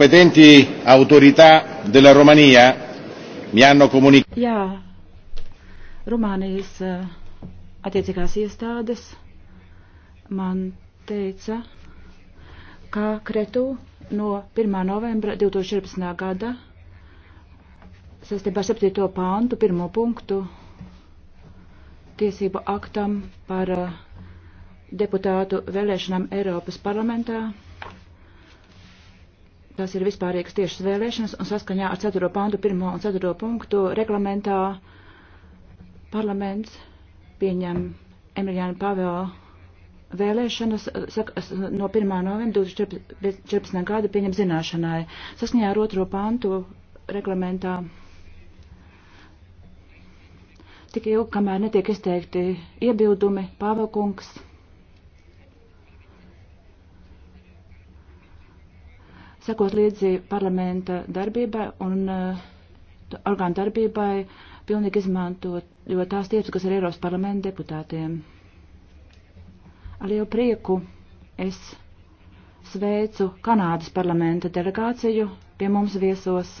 competenti autorità della Romania mi hanno comunicato. Jā, Rumānijas eh, attiecīgās iestādes man teica, ka Kretu no 1. novembra 2014. gada saistībā 7. pāntu, 1. punktu tiesību aktam par eh, deputātu vēlēšanām Eiropas parlamentā Tās ir vispārīgas tiešas vēlēšanas un saskaņā ar 4. pāntu 1. un 4. punktu reglamentā parlaments pieņem Emiljāna Pavela vēlēšanas saka, no 1. novembra 2014. gada pieņem zināšanai. Saskaņā ar 2. pāntu reglamentā tik ilgi, kamēr netiek izteikti iebildumi, Pāvelkungs. sekot līdzi parlamenta darbībai un uh, orgānu darbībai, pilnīgi izmantot, jo tās tiesas, kas ir Eiropas parlamenta deputātiem. Ar lielu prieku es sveicu Kanādas parlamenta delegāciju pie mums viesos.